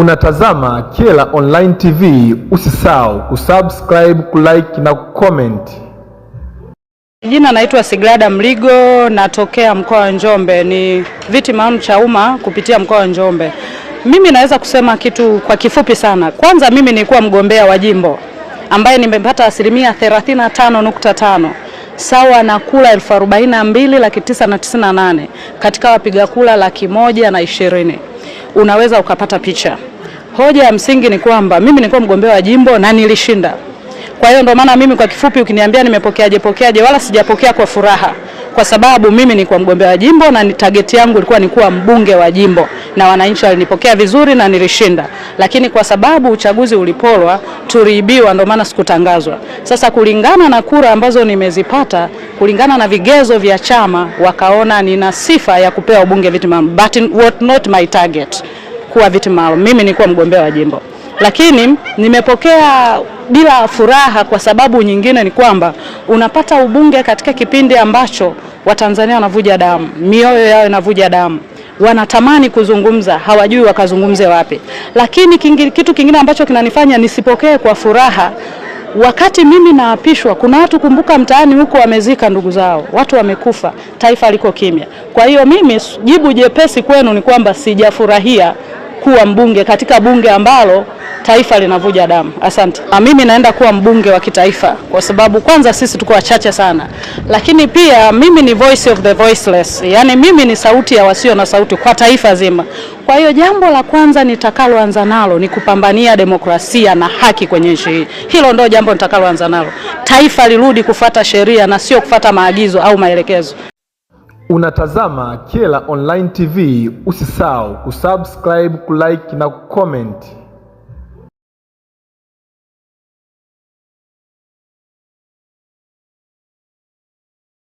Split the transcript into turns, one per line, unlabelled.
Unatazama Kyela Online TV, usisahau kusubscribe, kulike na kucomment.
Jina naitwa Sigrada Mligo, natokea mkoa wa Njombe, ni viti maalum cha umma kupitia mkoa wa Njombe. Mimi naweza kusema kitu kwa kifupi sana. Kwanza mimi nilikuwa mgombea wa jimbo ambaye nimepata asilimia 35.5 sawa na kula elfu arobaini na mbili laki tisa na tisini na nane katika wapiga kula laki moja na ishirini unaweza ukapata picha. Hoja ya msingi ni kwamba mimi nilikuwa mgombea wa jimbo na nilishinda. Kwa hiyo ndio maana mimi kwa kifupi, ukiniambia nimepokeaje pokeaje, wala sijapokea kwa furaha, kwa sababu mimi kwa mgombea wa jimbo na target yangu ilikuwa ni kuwa mbunge wa jimbo, na wananchi walinipokea vizuri na nilishinda. Lakini kwa sababu uchaguzi uliporwa, tuliibiwa, ndio maana sikutangazwa. Sasa kulingana na kura ambazo nimezipata kulingana na vigezo vya chama wakaona nina sifa ya kupewa ubunge viti maalum, but what not my target kuwa viti maalum. Mimi nilikuwa mgombea wa jimbo, lakini nimepokea bila furaha, kwa sababu nyingine ni kwamba unapata ubunge katika kipindi ambacho Watanzania wanavuja damu, mioyo yao inavuja damu wanatamani kuzungumza, hawajui wakazungumze wapi. Lakini kingi, kitu kingine ambacho kinanifanya nisipokee kwa furaha Wakati mimi naapishwa, kuna watu kumbuka, mtaani huko wamezika ndugu zao, watu wamekufa, taifa liko kimya. Kwa hiyo mimi jibu jepesi kwenu ni kwamba sijafurahia kuwa mbunge katika bunge ambalo taifa linavuja damu. Asante. Mimi naenda kuwa mbunge wa kitaifa kwa sababu kwanza sisi tuko wachache sana, lakini pia mimi ni voice of the voiceless, yaani mimi ni sauti ya wasio na sauti kwa taifa zima. Kwa hiyo jambo la kwanza nitakaloanza nalo ni kupambania demokrasia na haki kwenye nchi hii. Hilo ndio jambo nitakaloanza nalo, taifa lirudi kufata sheria na sio kufata maagizo au maelekezo.
Unatazama Kyela Online TV, usisahau kusubscribe, kulike na kucomment.